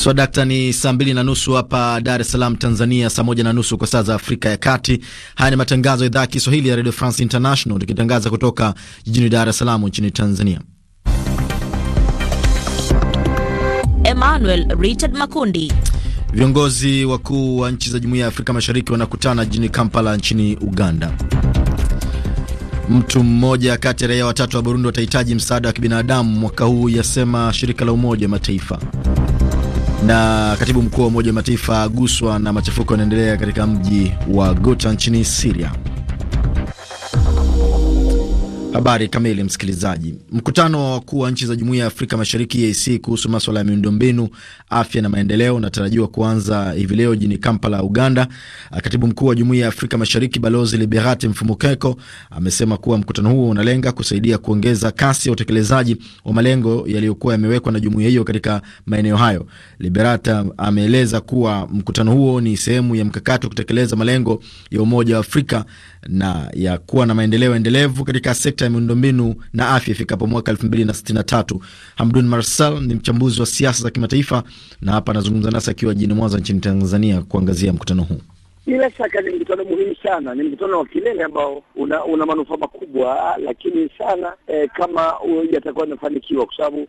So, dakta ni saa mbili na nusu hapa Dar es Salaam Tanzania, saa moja na nusu kwa saa za Afrika ya Kati. Haya ni matangazo ya idhaa ya Kiswahili ya Radio France International, tukitangaza kutoka jijini Dar es Salaam nchini Tanzania. Emmanuel Richard Makundi. Viongozi wakuu wa nchi za Jumuiya ya Afrika Mashariki wanakutana jijini Kampala nchini Uganda. Mtu mmoja kati ya raia watatu wa Burundi watahitaji msaada wa kibinadamu mwaka huu, yasema shirika la Umoja wa Mataifa. Na katibu mkuu wa Umoja wa Mataifa aguswa na machafuko yanaendelea katika mji wa Ghouta nchini siria Habari kamili, msikilizaji. Mkutano wa wakuu wa nchi za Jumuiya ya Afrika Mashariki EAC kuhusu maswala ya miundombinu, afya na maendeleo unatarajiwa kuanza hivi leo jijini Kampala, Uganda. Katibu mkuu wa Jumuiya ya Afrika Mashariki Balozi Liberati Mfumukeko amesema kuwa mkutano huo unalenga kusaidia kuongeza kasi ya utekelezaji wa malengo yaliyokuwa yamewekwa na jumuiya hiyo katika maeneo hayo. Liberata ameeleza kuwa mkutano huo ni sehemu ya mkakati wa kutekeleza malengo ya Umoja wa Afrika na ya kuwa na maendeleo endelevu katika sekta ya miundombinu na afya ifikapo mwaka tatu. Hamdun Marsal ni mchambuzi wa siasa za kimataifa na hapa anazungumza nasi akiwa jijini Mwanza nchini Tanzania kuangazia mkutano huu. Bila shaka ni mkutano muhimu sana, ni mkutano wa kilele ambao una, una manufaa makubwa, lakini sana e, kama yatakuwa imefanikiwa, kwa sababu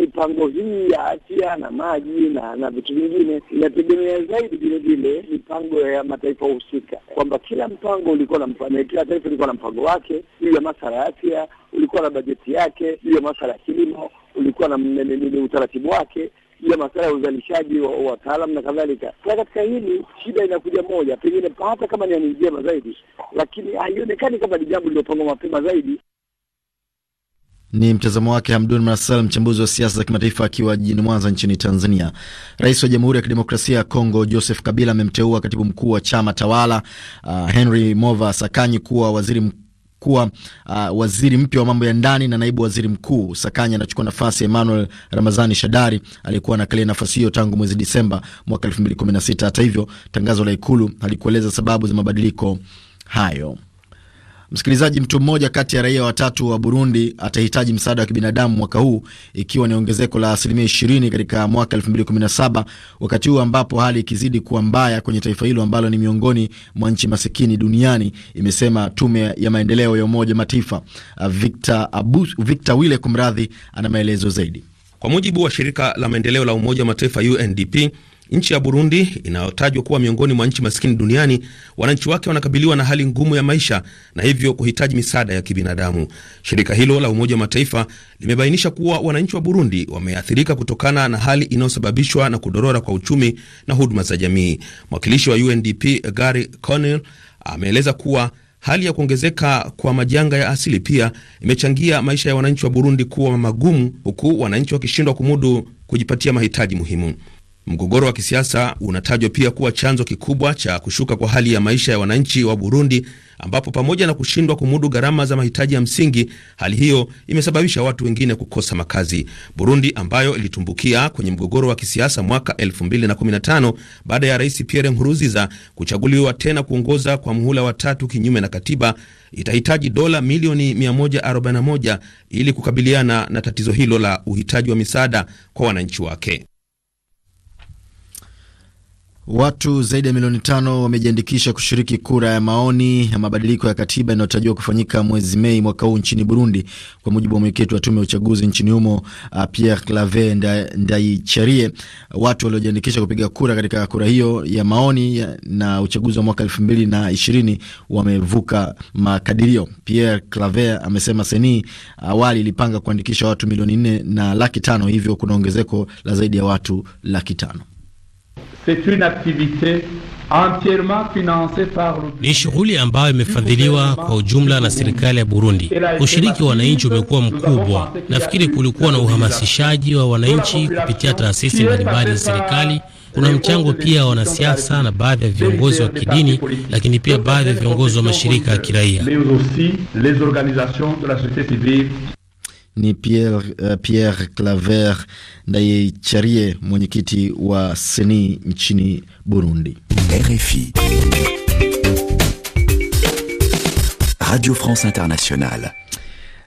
mipango hii ya afya na maji na na vitu vingine inategemea zaidi vile vile mipango ya mataifa husika, kwamba kila mpango ulikuwa na mpango, kila taifa ilikuwa na mpango wake juu ya masala ya afya, ulikuwa na bajeti yake juu ya masala ya kilimo ulikuwa na utaratibu wake ya masuala ya uzalishaji wa wataalam na kadhalika. Sasa katika hili shida inakuja moja, pengine hata kama ni njema zaidi, lakini haionekani kama ni jambo lililopangwa mapema zaidi. Ni mtazamo wake Hamdun Marasal, mchambuzi wa siasa za kimataifa akiwa jijini Mwanza nchini Tanzania. Rais wa Jamhuri ya Kidemokrasia ya Kongo Joseph Kabila amemteua katibu mkuu wa chama tawala uh, Henry Mova Sakanyi kuwa waziri mkuu kuwa uh, waziri mpya wa mambo ya ndani na naibu waziri mkuu. Sakanya anachukua nafasi ya Emmanuel Ramazani Shadari aliyekuwa anakalia nafasi hiyo tangu mwezi Disemba mwaka 2016. Hata hivyo, tangazo la ikulu halikueleza sababu za mabadiliko hayo. Msikilizaji, mtu mmoja kati ya raia watatu wa Burundi atahitaji msaada wa kibinadamu mwaka huu, ikiwa ni ongezeko la asilimia 20 katika mwaka 2017, wakati huu ambapo hali ikizidi kuwa mbaya kwenye taifa hilo ambalo ni miongoni mwa nchi masikini duniani, imesema tume ya maendeleo ya Umoja Mataifa. Uh, Victor, Abu, Victor Wile, kumradhi, ana maelezo zaidi. Kwa mujibu wa shirika la maendeleo la Umoja wa Mataifa UNDP Nchi ya Burundi inayotajwa kuwa miongoni mwa nchi maskini duniani, wananchi wake wanakabiliwa na hali ngumu ya maisha na hivyo kuhitaji misaada ya kibinadamu. Shirika hilo la Umoja wa Mataifa limebainisha kuwa wananchi wa Burundi wameathirika kutokana na hali inayosababishwa na kudorora kwa uchumi na huduma za jamii. Mwakilishi wa UNDP Gary Connell ameeleza kuwa hali ya kuongezeka kwa majanga ya asili pia imechangia maisha ya wananchi wa Burundi kuwa magumu, huku wananchi wakishindwa kumudu kujipatia mahitaji muhimu. Mgogoro wa kisiasa unatajwa pia kuwa chanzo kikubwa cha kushuka kwa hali ya maisha ya wananchi wa Burundi, ambapo pamoja na kushindwa kumudu gharama za mahitaji ya msingi, hali hiyo imesababisha watu wengine kukosa makazi. Burundi ambayo ilitumbukia kwenye mgogoro wa kisiasa mwaka 2015 baada ya Rais Pierre Nkurunziza kuchaguliwa tena kuongoza kwa muhula wa tatu kinyume na katiba, itahitaji dola milioni 141 ili kukabiliana na tatizo hilo la uhitaji wa misaada kwa wananchi wake. Watu zaidi ya milioni tano wamejiandikisha kushiriki kura ya maoni ya mabadiliko ya katiba inayotarajiwa kufanyika mwezi Mei mwaka huu nchini Burundi, kwa mujibu wa mwenyekiti wa tume ya uchaguzi nchini humo uh, Pierre Clave Ndayicharie. Watu waliojiandikisha kupiga kura katika kura hiyo ya maoni na uchaguzi wa mwaka elfu mbili na ishirini wamevuka makadirio. Pierre Clave amesema seni uh, awali ilipanga kuandikisha watu milioni nne na laki tano, hivyo kuna ongezeko la zaidi ya watu laki tano c'est une activité ni shughuli ambayo imefadhiliwa kwa ujumla na serikali ya Burundi. Ushiriki wa wananchi umekuwa mkubwa. Nafikiri kulikuwa na uhamasishaji wa wananchi kupitia taasisi mbalimbali za serikali. Kuna mchango pia wa wanasiasa na baadhi ya viongozi wa kidini, lakini pia baadhi ya viongozi wa mashirika ya kiraia ni Pierre, uh, Pierre Claver Ndayicharie, mwenyekiti wa Seni nchini Burundi. RFI Radio France Internationale.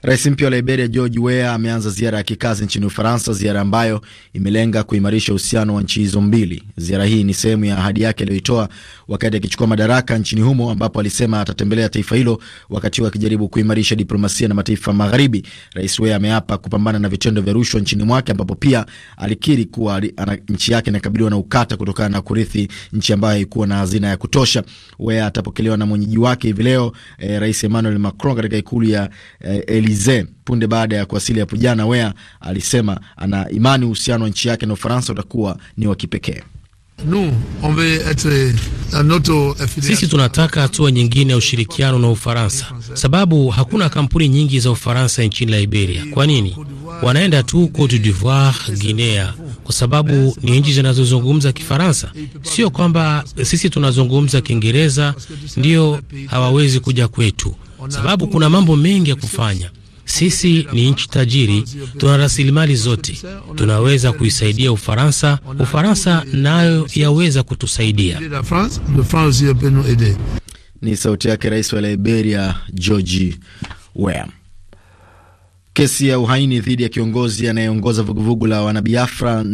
Rais mpya wa Liberia George Weah ameanza ziara ya kikazi nchini Ufaransa, ziara ambayo imelenga kuimarisha uhusiano wa nchi hizo mbili. Ziara hii ni sehemu ya ahadi yake aliyoitoa wakati akichukua madaraka nchini humo, ambapo alisema atatembelea taifa hilo wakati huo akijaribu kuimarisha diplomasia na mataifa magharibi. Rais Weah ameapa kupambana na vitendo vya rushwa nchini mwake, ambapo pia alikiri kuwa ana, nchi yake inakabiliwa na ukata kutokana na kurithi nchi ambayo haikuwa na hazina ya kutosha. Weah atapokelewa na mwenyeji wake hivi leo, eh, Rais Emmanuel Macron katika ikulu ya eh, Elysee punde baada ya kuwasili hapo jana. Wea alisema ana imani uhusiano wa nchi yake na Ufaransa utakuwa ni wa kipekee. Sisi tunataka hatua nyingine ya ushirikiano na Ufaransa, sababu hakuna kampuni nyingi za Ufaransa nchini Liberia. Kwa nini wanaenda tu Cote d'Ivoire, Guinea? Kwa sababu ni nchi zinazozungumza Kifaransa. Sio kwamba sisi tunazungumza Kiingereza ndio hawawezi kuja kwetu, sababu kuna mambo mengi ya kufanya sisi ni nchi tajiri, tuna rasilimali zote, tunaweza kuisaidia Ufaransa. Ufaransa nayo yaweza kutusaidia. Ni sauti yake Rais wa Liberia George Weah. Kesi ya uhaini dhidi ya kiongozi anayeongoza vuguvugu la wanabiafra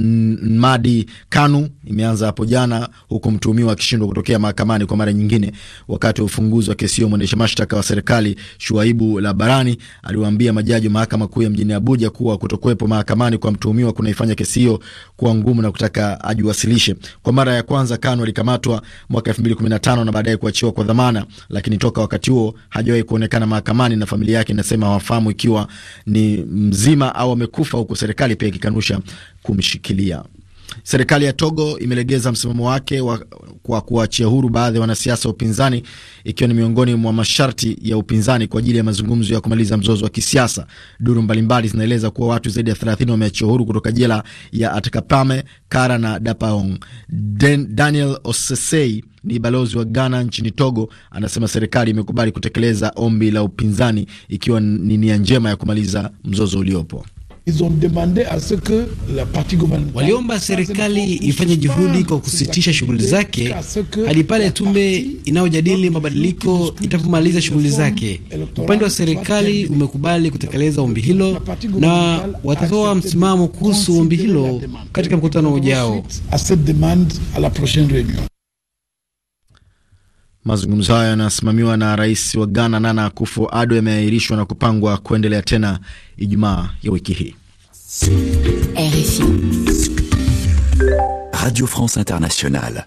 Madi Kanu imeanza hapo jana, huku mtuhumiwa akishindwa kutokea mahakamani kwa mara nyingine. Wakati wa ufunguzi wa kesi hiyo, mwendesha mashtaka wa serikali Shuaibu Labarani aliwaambia majaji wa mahakama kuu ya mjini Abuja kuwa kutokuwepo mahakamani kwa mtuhumiwa kunaifanya kesi hiyo kuwa ngumu na kutaka ajiwasilishe. Kwa mara ya kwanza, Kanu alikamatwa mwaka 2015 na baadaye kuachiwa kwa dhamana, lakini toka wakati huo hajawahi kuonekana mahakamani na familia yake inasema hawafahamu ikiwa ni mzima au amekufa, huku serikali pia ikikanusha kumshikilia. Serikali ya Togo imelegeza msimamo wake wa, kwa kuachia huru baadhi ya wanasiasa wa upinzani ikiwa ni miongoni mwa masharti ya upinzani kwa ajili ya mazungumzo ya kumaliza mzozo wa kisiasa. Duru mbalimbali zinaeleza kuwa watu zaidi ya 30 wameachiwa huru kutoka jela ya Atakapame, Kara na Dapaong. Den, Daniel Osesei ni balozi wa Ghana nchini Togo, anasema serikali imekubali kutekeleza ombi la upinzani ikiwa ni nia njema ya kumaliza mzozo uliopo. Waliomba serikali ifanye juhudi kwa kusitisha shughuli zake hadi pale tume inayojadili mabadiliko itapomaliza shughuli zake. Upande wa serikali umekubali kutekeleza ombi hilo na watatoa msimamo kuhusu ombi hilo katika mkutano ujao. Mazungumzo hayo yanasimamiwa na rais wa Ghana Nana akufo ado yameahirishwa na kupangwa kuendelea tena Ijumaa ya wiki hii. Radio France Internationale.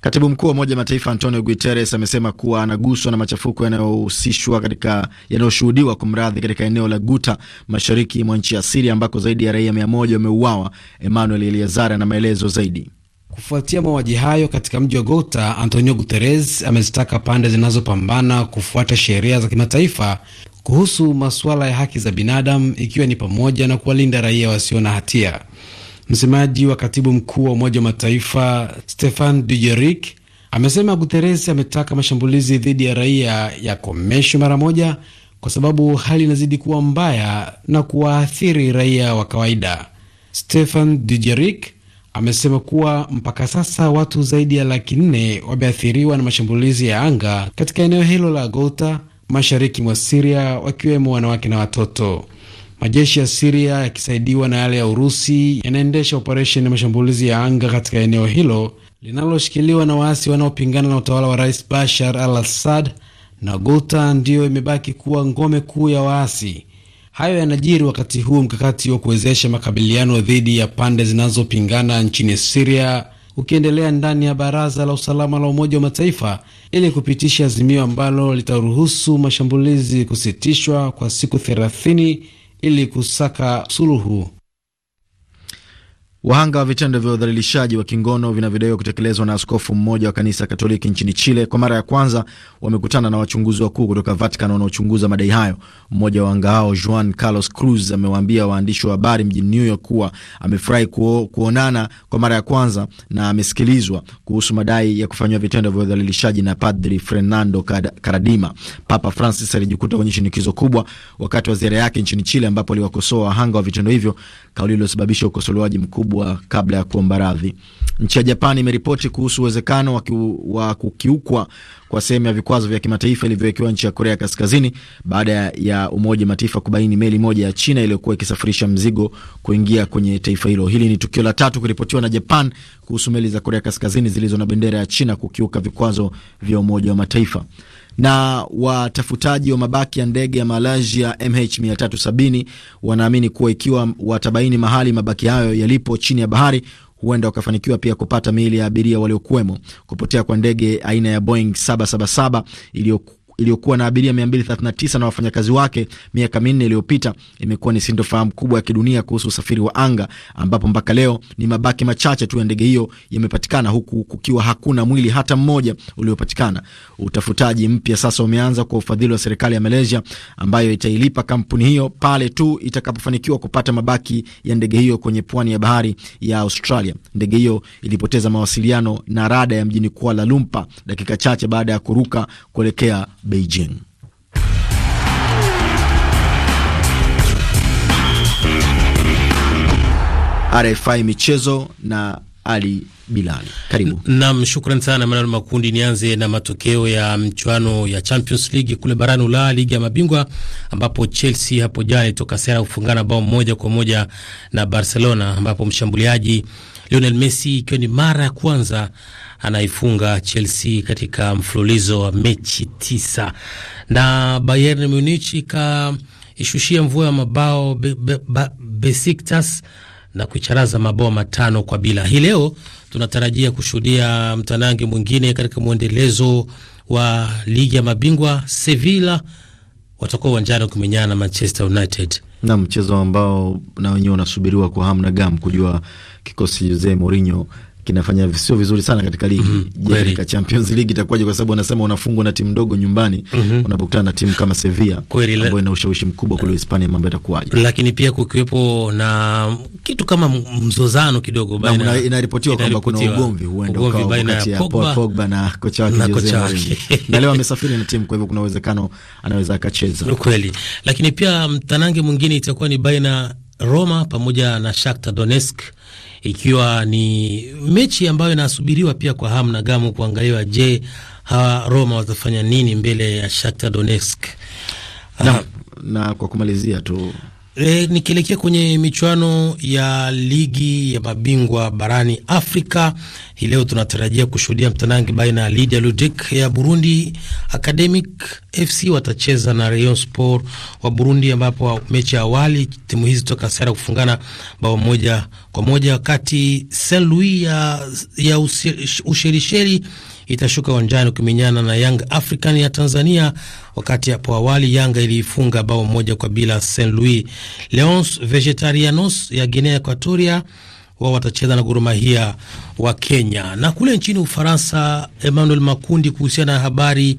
Katibu mkuu wa Umoja Mataifa Antonio Guterres amesema kuwa anaguswa na machafuko yanayohusishwa katika yanayoshuhudiwa mradhi katika eneo la Guta mashariki mwa nchi ya Siria ambako zaidi ya raia mia moja wameuawa. Emmanuel Eliazar na maelezo zaidi. Kufuatia mauaji hayo katika mji wa Gota, Antonio Guterres amezitaka pande zinazopambana kufuata sheria za kimataifa kuhusu masuala ya haki za binadamu ikiwa ni pamoja na kuwalinda raia wasio na hatia. Msemaji wa katibu mkuu wa Umoja wa Mataifa Stefan Dujerik amesema Guterres ametaka mashambulizi dhidi ya raia yakomeshwe mara moja, kwa sababu hali inazidi kuwa mbaya na kuwaathiri raia wa kawaida. Stefan Dujerik amesema kuwa mpaka sasa watu zaidi ya laki nne wameathiriwa na mashambulizi ya anga katika eneo hilo la Gota mashariki mwa Siria, wakiwemo wanawake na watoto. Majeshi ya Siria yakisaidiwa na yale ya Urusi yanaendesha operesheni ya mashambulizi ya anga katika eneo hilo linaloshikiliwa na waasi wanaopingana na utawala wa Rais Bashar al Assad, na Ghouta ndiyo imebaki kuwa ngome kuu ya waasi Hayo yanajiri wakati huu mkakati wa kuwezesha makabiliano dhidi ya pande zinazopingana nchini Siria ukiendelea ndani ya Baraza la Usalama la Umoja wa Mataifa ili kupitisha azimio ambalo litaruhusu mashambulizi kusitishwa kwa siku 30 ili kusaka suluhu. Wahanga wa vitendo vya udhalilishaji wa kingono vinavyodaiwa kutekelezwa na askofu mmoja wa kanisa Katoliki nchini Chile kwa mara ya kwanza wamekutana na wachunguzi wakuu kutoka Vatican wanaochunguza madai hayo. Mmoja wa wahanga hao Juan Carlos Cruz amewaambia waandishi wa habari mjini New York kuwa amefurahi kuo, kuonana kwa mara ya kwanza na amesikilizwa kuhusu madai ya kufanyiwa vitendo vya udhalilishaji na Padri Fernando Karadima. Papa Francis alijikuta kwenye shinikizo kubwa wakati wa ziara yake nchini Chile ambapo aliwakosoa wahanga wa vitendo hivyo, kauli iliyosababisha ukosolewaji mkubwa kubwa kabla ya kuomba radhi. Nchi ya japan imeripoti kuhusu uwezekano wa, wa kukiukwa kwa sehemu ya vikwazo vya kimataifa ilivyowekewa nchi ya Korea Kaskazini baada ya Umoja Mataifa kubaini meli moja ya China iliyokuwa ikisafirisha mzigo kuingia kwenye taifa hilo. Hili ni tukio la tatu kuripotiwa na Japan kuhusu meli za Korea Kaskazini zilizo na bendera ya China kukiuka vikwazo vya Umoja wa Mataifa na watafutaji wa mabaki ya ndege ya Malaysia MH370 wanaamini kuwa ikiwa watabaini mahali mabaki hayo yalipo chini ya bahari huenda wakafanikiwa pia kupata miili ya abiria waliokuwemo. Kupotea kwa ndege aina ya Boeing 777 iliyo iliyokuwa na abiria 239 na wafanyakazi wake miaka minne iliyopita imekuwa ni sintofahamu kubwa ya kidunia kuhusu usafiri wa anga, ambapo mpaka leo ni mabaki machache tu ya ndege hiyo yamepatikana, huku kukiwa hakuna mwili hata mmoja uliopatikana. Utafutaji mpya sasa umeanza kwa ufadhili wa serikali ya Malaysia ambayo itailipa kampuni hiyo pale tu itakapofanikiwa kupata mabaki ya ndege hiyo kwenye pwani ya bahari ya Australia. Ndege hiyo ilipoteza mawasiliano na rada ya mjini Kuala Lumpur dakika chache baada ya kuruka kuelekea Beijing. RFI Michezo na Ali Bilali. Karibu. Naam, shukran sana Manuel Makundi. Nianze na matokeo ya mchuano ya Champions League kule barani Ulaya, ligi ya mabingwa, ambapo Chelsea hapo jana ilitoka sera kufungana bao moja kwa moja na Barcelona, ambapo mshambuliaji Lionel Messi ikiwa ni mara ya kwanza anaifunga Chelsea katika mfululizo wa mechi tisa, na Bayern Munich ikaishushia mvua ya mabao be, be, be, Besiktas na kuicharaza mabao matano kwa bila. Hii leo tunatarajia kushuhudia mtanange mwingine katika mwendelezo wa ligi ya mabingwa. Sevilla watakuwa uwanjani kumenyana na Manchester United na mchezo ambao na wenyewe unasubiriwa kwa hamu na gamu kujua kikosi Jose Mourinho kinafanya sio vizuri sana katika ligi. Mm -hmm. Je, katika Champions League itakuwaje? Kwa sababu wanasema unafungwa na timu ndogo nyumbani. Mm -hmm. Unapokutana na timu kama Sevilla ambayo ina ushawishi mkubwa kule Hispania, mambo yatakuwaje? Lakini pia kukiwepo na kitu kama mzozano kidogo baina, inaripotiwa kwamba kuna ugomvi huenda ukawa baina ya Pogba, Pogba na kocha wake Jose Mourinho, na leo amesafiri na timu, kwa hivyo kuna uwezekano anaweza akacheza. Kweli, lakini pia mtanange mwingine itakuwa ni baina Roma pamoja na Shakhtar Donetsk ikiwa ni mechi ambayo inasubiriwa pia kwa hamu na gamu kuangaliwa. Je, hawa Roma watafanya nini mbele ya Shakhtar Donetsk? na, na kwa kumalizia tu E, nikielekea kwenye michuano ya ligi ya mabingwa barani Afrika hii leo tunatarajia kushuhudia mtanangi baina ya Lydia Ludic ya Burundi, Academic FC watacheza na Rayon Sport wa Burundi, ambapo mechi ya awali timu hizi toka sera kufungana bao moja kwa moja, wakati Saint Louis ya, ya Ushelisheli itashuka uwanjani kumenyana na Young African ya Tanzania. Wakati hapo awali Yanga iliifunga bao moja kwa bila Saint Louis. Leons Vegetarianos ya Guinea Equatoria wao watacheza na Gurumahia wa Kenya. Na kule nchini Ufaransa, Emmanuel Makundi, kuhusiana na habari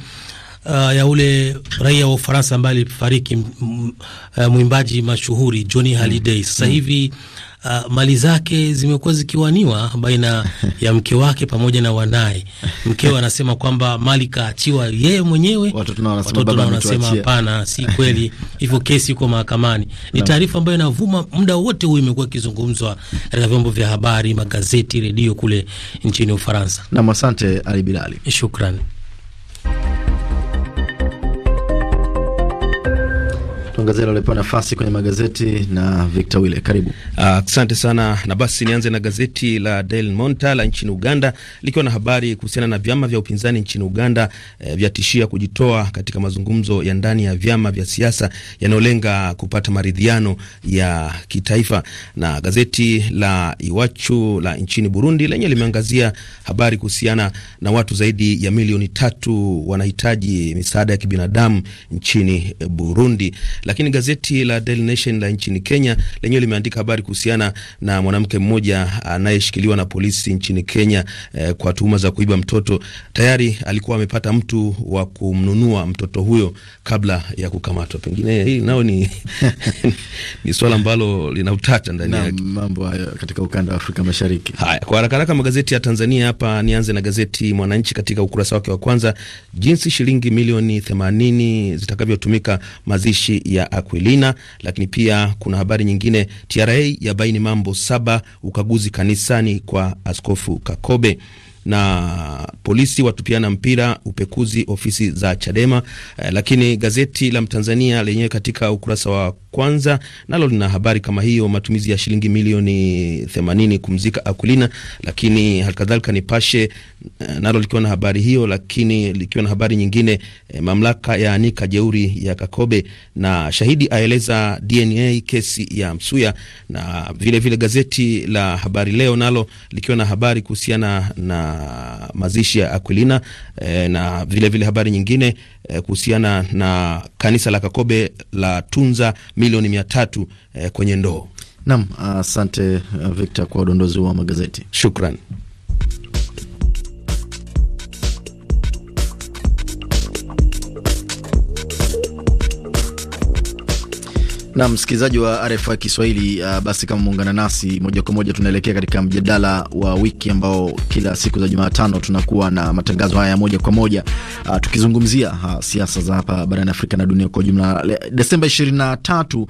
Uh, ya ule raia wa Ufaransa ambaye alifariki, mm, uh, mwimbaji mashuhuri Johnny Hallyday. Sasa mm. hivi mm uh, mali zake zimekuwa zikiwaniwa baina ya mke wake pamoja na wanaye. Mkewe anasema kwamba mali kaachiwa yeye mwenyewe, watoto nao wanasema hapana, si kweli hivyo, kesi iko mahakamani. Ni taarifa ambayo inavuma muda wote huu, imekuwa ikizungumzwa katika vyombo vya habari, magazeti, redio kule nchini Ufaransa. Nam, asante Ali Bilali, shukran. tuangazia aliyopewa nafasi kwenye magazeti na Victor Wile, karibu. Ah, asante uh, sana na basi nianze na gazeti la Daily Monitor la nchini Uganda likiwa na habari kuhusiana na vyama vya upinzani nchini Uganda eh, vyatishia kujitoa katika mazungumzo ya ndani ya vyama vya siasa yanayolenga kupata maridhiano ya kitaifa. Na gazeti la Iwachu la nchini Burundi lenye limeangazia habari kuhusiana na watu zaidi ya milioni tatu wanahitaji misaada ya kibinadamu nchini eh, Burundi. La lakini gazeti la Daily Nation la nchini Kenya lenyewe limeandika habari kuhusiana na mwanamke mmoja anayeshikiliwa na polisi nchini Kenya eh, kwa tuhuma za kuiba mtoto. Tayari alikuwa amepata mtu wa kumnunua mtoto huyo kabla ya kukamatwa. Pengine hii nao ni, ni swala ambalo lina utata ndani yake, mambo hayo katika ukanda wa Afrika Mashariki. Haya, kwa haraka haraka magazeti ya Tanzania hapa, nianze na gazeti Mwananchi katika ukurasa wake wa kwanza, jinsi shilingi milioni 80 zitakavyotumika mazishi ya ya Aquilina. Lakini pia kuna habari nyingine, TRA yabaini mambo saba ukaguzi kanisani kwa Askofu Kakobe na polisi watupiana mpira upekuzi ofisi za Chadema. Eh, lakini gazeti la Mtanzania lenyewe katika ukurasa wa kwanza nalo lina habari kama hiyo, matumizi ya shilingi milioni 80 kumzika Akulina. Lakini halikadhalika Nipashe eh, nalo likiwa na habari hiyo, lakini likiwa na habari nyingine eh, mamlaka ya anika jeuri ya Kakobe na shahidi aeleza DNA kesi ya Msuya, na vilevile vile gazeti la Habari Leo nalo likiwa na habari kuhusiana na mazishi ya Aquilina e, na vilevile vile habari nyingine e, kuhusiana na kanisa la Kakobe la tunza milioni mia tatu e, kwenye ndoo. Nam, asante uh, Victor kwa udondozi wa magazeti. Shukran. Na msikilizaji wa RFI Kiswahili, uh, basi kama muungana nasi moja kwa moja, tunaelekea katika mjadala wa wiki ambao kila siku za Jumatano tunakuwa na matangazo haya moja kwa moja, uh, tukizungumzia uh, siasa za hapa barani Afrika na dunia kwa ujumla. Desemba 23 uh,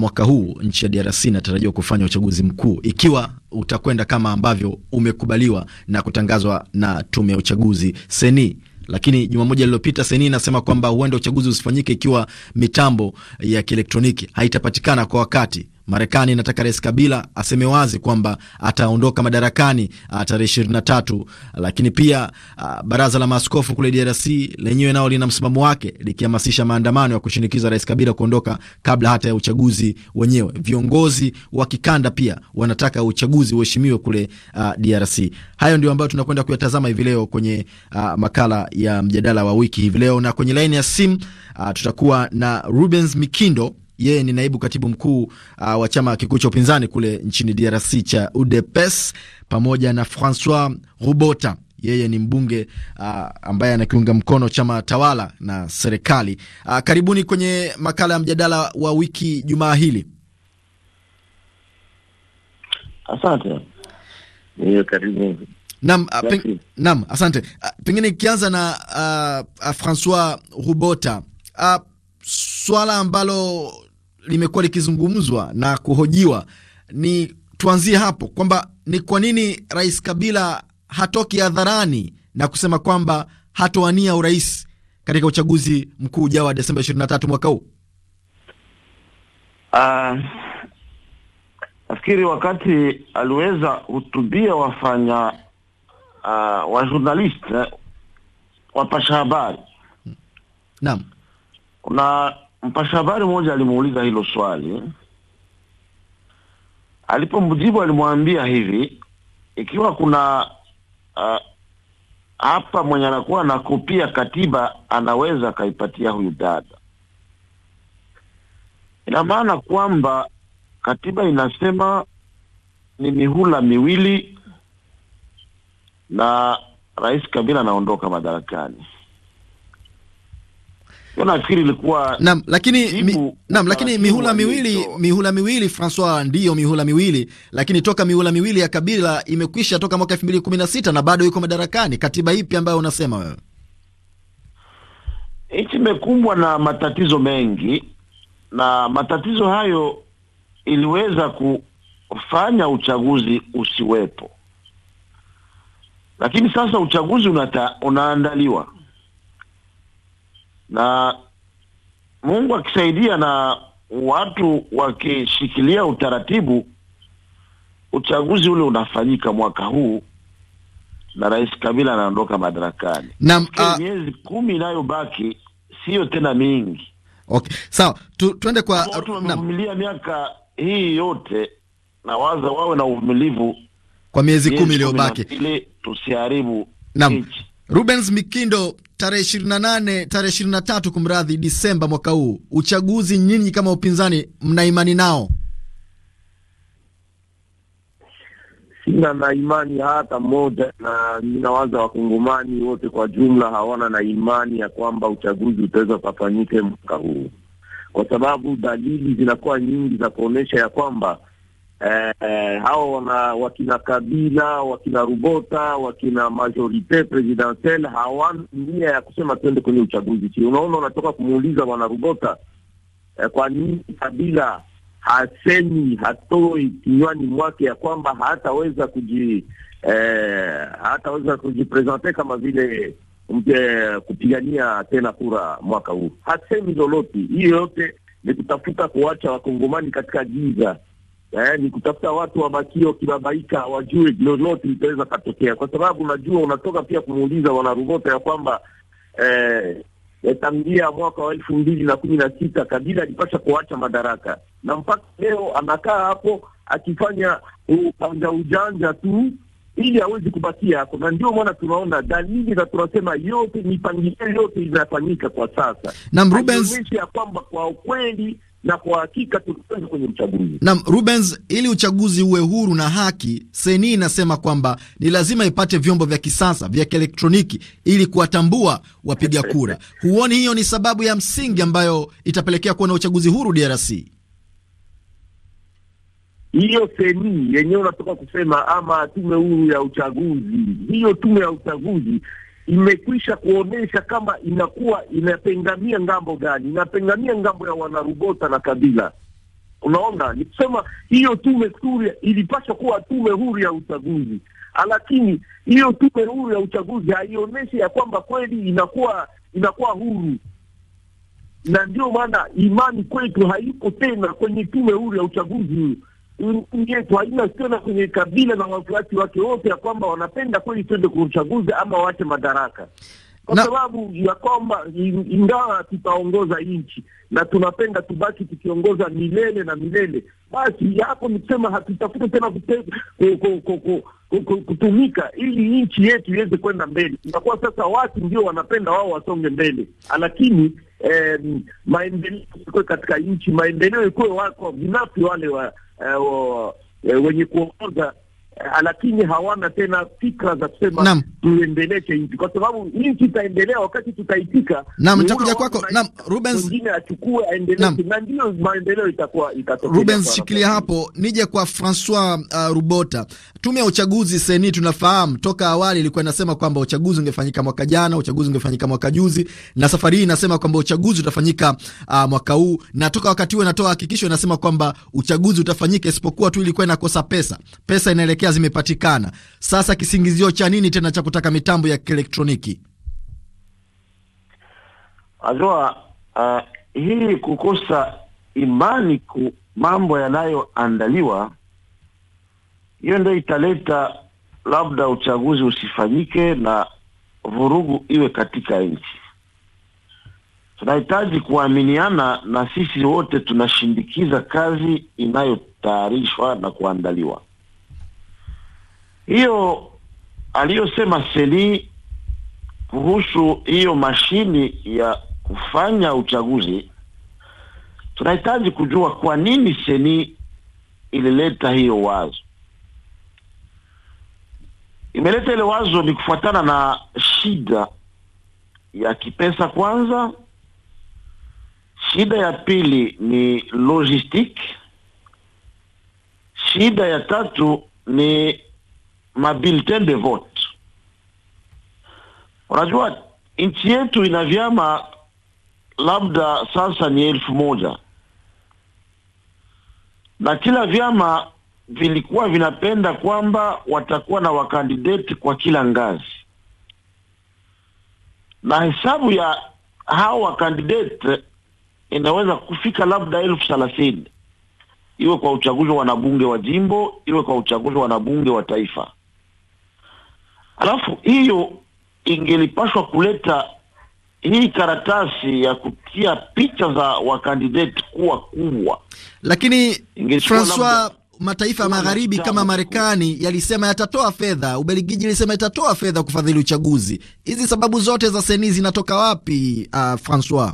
mwaka huu nchi ya DRC inatarajiwa kufanya uchaguzi mkuu ikiwa utakwenda kama ambavyo umekubaliwa na kutangazwa na tume ya uchaguzi seni lakini juma moja lililopita, seni inasema kwamba huenda uchaguzi usifanyike ikiwa mitambo ya kielektroniki haitapatikana kwa wakati. Marekani inataka Rais Kabila aseme wazi kwamba ataondoka madarakani ah, tarehe tatu, lakini pia a, ah, baraza la maaskofu kule DRC lenyewe nao lina msimamo wake likihamasisha maandamano ya kushinikiza Rais Kabila kuondoka kabla hata ya uchaguzi wenyewe. Viongozi wa kikanda pia wanataka uchaguzi uheshimiwe kule a, ah, DRC. Hayo ndio ambayo tunakwenda kuyatazama hivi leo kwenye a, makala ya mjadala wa wiki hivi leo, na kwenye laini ya simu tutakuwa na Rubens Mikindo yeye ni naibu katibu mkuu uh, wa chama kikuu cha upinzani kule nchini DRC cha UDPS, pamoja na Francois Rubota yeye ni mbunge uh, ambaye anakiunga mkono chama tawala na serikali uh, karibuni kwenye makala ya mjadala wa wiki jumaa hili. Asante niyo, karibu. Naam, uh, naam, asante uh, pengine ikianza na uh, uh, Francois Rubota uh, swala ambalo limekuwa likizungumzwa na kuhojiwa ni tuanzie hapo kwamba ni kwa nini Rais Kabila hatoki hadharani na kusema kwamba hatowania urais katika uchaguzi mkuu ujao wa Desemba tatu mwaka huu. Uh, nafikiri wakati aliweza hutubia wafanya uh, wa eh, wapasha habari, naam kuna mpasha habari mmoja alimuuliza hilo swali, alipomjibu alimwambia hivi, ikiwa kuna uh, hapa mwenye anakuwa anakopia katiba anaweza akaipatia huyu dada. Ina maana kwamba katiba inasema ni mihula miwili na Rais Kabila anaondoka madarakani nafikiri ilikuwa naam, lakini mi, naam, lakini mihula miwili, mihula miwili Francois, ndiyo mihula miwili, lakini toka mihula miwili ya Kabila imekwisha toka mwaka elfu mbili kumi na sita na bado yuko madarakani. Katiba ipi ambayo unasema wewe? Nchi imekumbwa na matatizo mengi, na matatizo hayo iliweza kufanya uchaguzi usiwepo, lakini sasa uchaguzi unata, unaandaliwa na Mungu akisaidia na watu wakishikilia utaratibu, uchaguzi ule unafanyika mwaka huu na Rais Kabila anaondoka madarakani. na ah, miezi kumi inayobaki siyo tena mingi. Okay, sawa. Tu, tuende kwa watu wamevumilia miaka hii yote, na waza wawe na uvumilivu kwa miezi kumi iliyobaki, tusiaribu. tusiharibu Rubens Mikindo tarehe 28, tarehe 23, kumradhi, Disemba mwaka huu uchaguzi, nyinyi kama upinzani mna imani nao? Sina na imani hata moja, na ninawaza wakongomani wote kwa jumla hawana na imani ya kwamba uchaguzi utaweza ukafanyike mwaka huu, kwa sababu dalili zinakuwa nyingi za kuonyesha ya kwamba eh, hao wana wakina Kabila wakina Rubota wakina majorite presidentielle hawana nia ya kusema twende kwenye uchaguzi. Si unaona, unatoka kumuuliza bwana Rubota eh, kwa nini Kabila hasemi hatoi kinywani mwake ya kwamba hataweza kuji eh, hataweza kujipresente kama vile mpe kupigania tena kura mwaka huu, hasemi loloti. Hiyo yote ni kutafuta kuacha wakongomani katika giza eh, ni kutafuta watu wabakie wakibabaika, wajue lolote litaweza katokea, kwa sababu najua unatoka pia kumuuliza wanarugota ya kwamba eh, eh, tangia mwaka wa elfu mbili na kumi na sita Kabila alipasha kuacha madaraka na mpaka leo anakaa hapo akifanya ujanja ujanja tu ili awezi kubakia hapo, na ndio maana tunaona dalili za tunasema, yote mipangilio yote inafanyika kwa sasa, na Rubens ya kwamba kwa ukweli na kwa hakika tulikwenda kwenye uchaguzi. Naam, Rubens, ili uchaguzi uwe huru na haki, seni inasema kwamba ni lazima ipate vyombo vya kisasa vya kielektroniki ili kuwatambua wapiga kura. Huoni hiyo ni sababu ya msingi ambayo itapelekea kuwa na uchaguzi huru DRC? Hiyo seni yenyewe unatoka kusema ama tume huru ya uchaguzi, hiyo tume ya uchaguzi imekwisha kuonyesha kama inakuwa inapengamia ngambo gani, inapengamia ngambo ya wanarugota na kabila. Unaona, ni kusema hiyo tume huru ilipaswa kuwa tume huru ya uchaguzi, lakini hiyo tume huru ya uchaguzi haionyeshi ya kwamba kweli inakuwa inakuwa huru, na ndio maana imani kwetu haiko tena kwenye tume huru ya uchaguzi yetu haina tena kwenye kabila na wafuasi wake wote, ya kwamba wanapenda kweli twende kwa uchaguzi ama waache madaraka, kwa sababu ya kwamba ingawa tutaongoza nchi na tunapenda tubaki tukiongoza milele na milele, basi hapo ni kusema hatutafute tena kutumika ili nchi yetu iweze kwenda mbele. Inakuwa sasa watu ndio wanapenda wao wasonge mbele, lakini maendeleo ikuwe katika nchi, maendeleo ikuwe wako binafsi wale wa é, o, é, o Enico Eh, lakini hawana tena fikra za kusema tuendeleke nchi, kwa sababu nchi itaendelea wakati tutaitika. Naam, nitakuja kwako. Naam, Rubens mwingine achukue aendelee, na ndio maendeleo itakuwa itatokea. Rubens, shikilia hapo, nije kwa Francois uh, Rubota. Tume ya uchaguzi seni, tunafahamu toka awali ilikuwa inasema kwamba uchaguzi ungefanyika mwaka jana, uchaguzi ungefanyika mwaka juzi, na safari hii inasema kwamba uchaguzi utafanyika uh, mwaka huu, na toka wakati huo inatoa hakikisho, inasema kwamba uchaguzi utafanyika, isipokuwa tu ilikuwa inakosa pesa, pesa inaelekea zimepatikana. Sasa kisingizio cha nini tena cha kutaka mitambo ya kielektroniki? Ajua uh, ah, hii kukosa imani ku mambo yanayoandaliwa, hiyo ndio italeta labda uchaguzi usifanyike na vurugu iwe katika nchi. Tunahitaji kuaminiana na sisi wote tunashindikiza kazi inayotayarishwa na kuandaliwa hiyo aliyosema Seni kuhusu hiyo mashini ya kufanya uchaguzi, tunahitaji kujua kwa nini Seni ilileta hiyo wazo. Imeleta ile wazo ni kufuatana na shida ya kipesa kwanza, shida ya pili ni logistique, shida ya tatu ni mabulletin de vote. Unajua nchi yetu ina vyama labda sasa ni elfu moja na kila vyama vilikuwa vinapenda kwamba watakuwa na wakandideti kwa kila ngazi, na hesabu ya hao wakandideti inaweza kufika labda elfu thelathini iwe kwa uchaguzi wa wanabunge wa jimbo, iwe kwa uchaguzi wa wanabunge wa taifa. Alafu hiyo ingelipashwa kuleta hii karatasi ya kutia picha za wakandideti kuwa kubwa, lakini Francois, mataifa ya magharibi kama Marekani yalisema yatatoa fedha, Ubelgiji ilisema itatoa fedha kufadhili uchaguzi. Hizi sababu zote za seni zinatoka wapi? Uh, Francois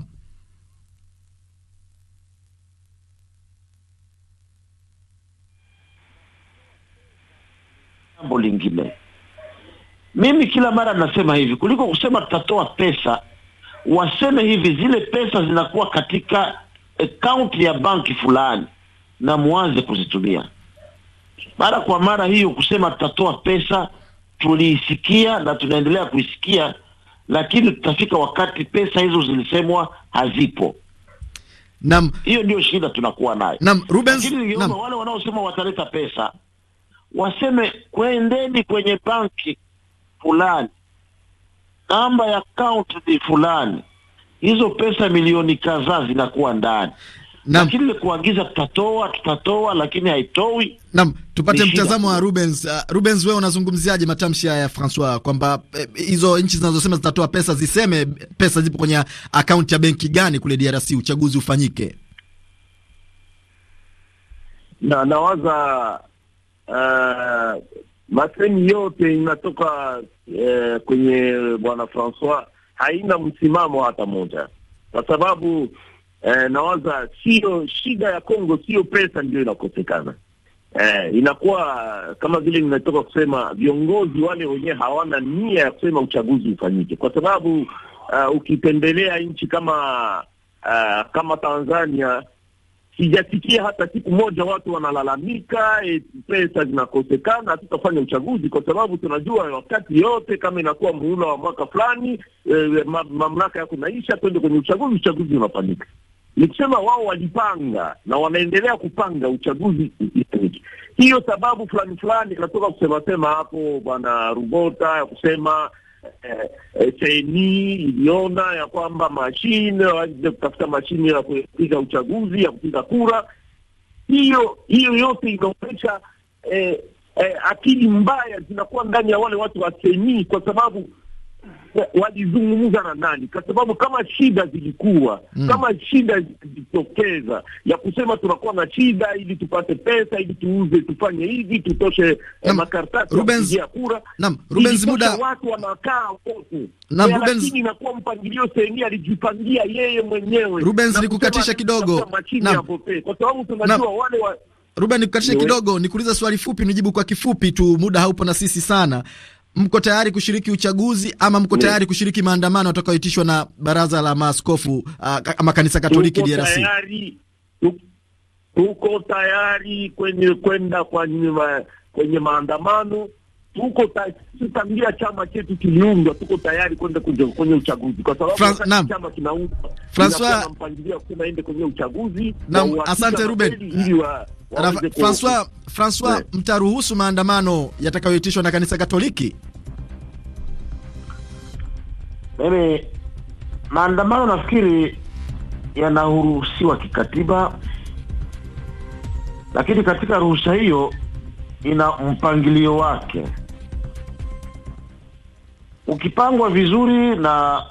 jambo lingine mimi kila mara nasema hivi, kuliko kusema tutatoa pesa, waseme hivi, zile pesa zinakuwa katika akaunti ya banki fulani na muanze kuzitumia mara kwa mara. Hiyo kusema tutatoa pesa tuliisikia na tunaendelea kuisikia, lakini tutafika wakati pesa hizo zilisemwa hazipo. nam hiyo ndio shida tunakuwa nayo. Rubens, wale wanaosema wataleta pesa waseme kwendeni kwenye banki fulani, namba ya account ni fulani, hizo pesa milioni kadhaa zinakuwa ndani Nam. Lakini ile kuagiza tutatoa tutatoa, lakini haitoi. Naam, tupate mtazamo wa Rubens. Uh, Rubens, wewe unazungumziaje matamshi haya ya Francois kwamba eh, hizo eh, nchi zinazosema zitatoa pesa ziseme pesa zipo kwenye akaunti ya benki gani kule DRC uchaguzi ufanyike? Na nawaza uh, masemi yote inatoka eh, kwenye bwana Francois haina msimamo hata moja, kwa sababu eh, nawaza sio shida ya Kongo, sio pesa ndio inakosekana. Eh, inakuwa kama vile nimetoka kusema viongozi wale wenyewe hawana nia ya kusema uchaguzi ufanyike, kwa sababu uh, eh, ukitembelea nchi kama uh, kama Tanzania sijasikia hata siku moja watu wanalalamika e, pesa zinakosekana, hatutafanya uchaguzi, kwa sababu tunajua wakati yote kama inakuwa muhula wa mwaka fulani e, e ma, mamlaka yako inaisha, twende kwenye uchaguzi, uchaguzi unafanyika. Ni kusema wao walipanga na wanaendelea kupanga uchaguzi usifanyike. Hiyo sababu fulani fulani inatoka kusemasema hapo Bwana rubota ya kusema Eh, eh, seni iliona ya kwamba mashine waje kutafuta mashine ya kupiga uchaguzi ya kupiga kura. Hiyo hiyo yote inaonyesha eh, eh, akili mbaya zinakuwa ndani ya wale watu wa seni, kwa sababu walizungumza na nani? Kwa sababu kama shida zilikuwa mm, kama shida zilitokeza ya kusema tunakuwa na shida ili tupate pesa ili tuuze tufanye hivi tutoshe eh, makaratasi ya kura, nam, Rubens, muda watu wanakaa wote, eh, lakini inakuwa mpangilio sehemu alijipangia yeye mwenyewe. Rubens, nikukatisha kidogo, kwa sababu tunajua wale wa Ruben, nikukatisha kidogo, nikuuliza swali fupi, nijibu kwa kifupi tu, muda haupo na sisi sana mko tayari kushiriki uchaguzi ama mko tayari kushiriki maandamano yatakayoitishwa na baraza la maaskofu ah, ama kanisa Katoliki DRC? Tuko tayari kwenye kwenda kwenye maandamano tuko tangia chama chetu kiliundwa, tuko tayari kwenda kwenye uchaguzi, kwa sababu Fran chama kinaundwa Francois mpangilio kusema ende kwenye uchaguzi. na asante Ruben wa, wa Francois Francois yeah. Mtaruhusu maandamano yatakayoitishwa na kanisa Katoliki? Mimi maandamano nafikiri yanaruhusiwa kikatiba, lakini katika ruhusa hiyo ina mpangilio wake ukipangwa vizuri na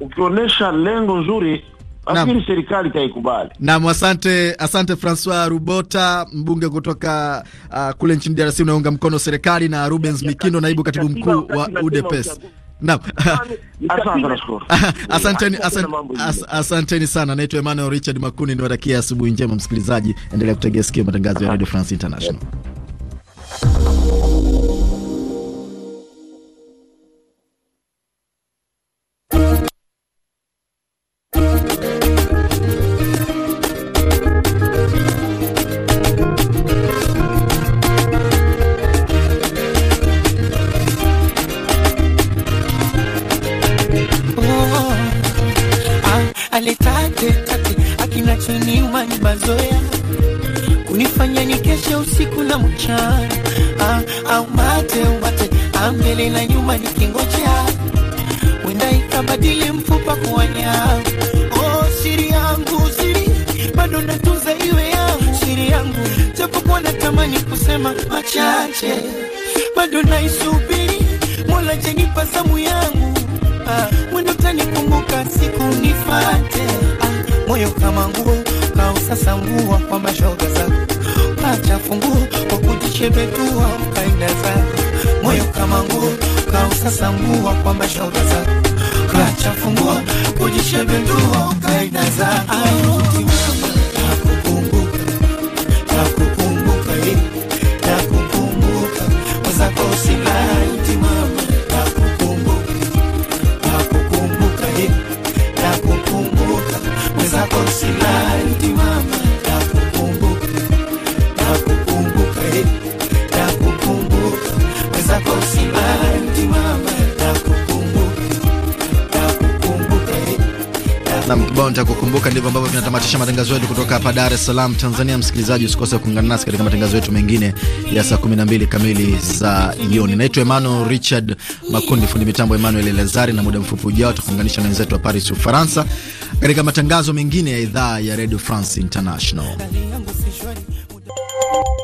ukionyesha lengo nzuri nafikiri serikali itaikubali. Naam, asante, asante Francois Rubota, mbunge kutoka uh, kule nchini DRC unaunga mkono serikali na Rubens Mikindo, naibu katibu mkuu wa UDPS. Naam, yaani, asanteni, asanteni sana. Naitwa Emmanuel Richard Makuni, niwatakia asubuhi njema msikilizaji, endelea kutegea sikio matangazo ya Radio France International. yeah. yote bado naisubiri, Mola jenipa samu yangu ah, mwendo tanikumbuka siku nifate ah, moyo kama nguo kausasa nguo kwa mashoga zako pacha funguo kwa kujishebetua ukaenda zako moyo kama nguo kausasa nguo kwa mashoga zako pacha funguo kujishebetua ukaenda zako ah, kibao nitakukumbuka. Ndivyo ambavyo tunatamatisha matangazo yetu kutoka hapa Dar es Salaam, Tanzania. Msikilizaji, usikose kuungana nasi katika matangazo yetu mengine ya saa 12 kamili za jioni. Naitwa Emmanuel Richard Makundi, fundi mitambo Emmanuel Lazari, na muda mfupi ujao tutakuunganisha na wenzetu wa Paris, Ufaransa, katika matangazo mengine ya idhaa ya Radio France International.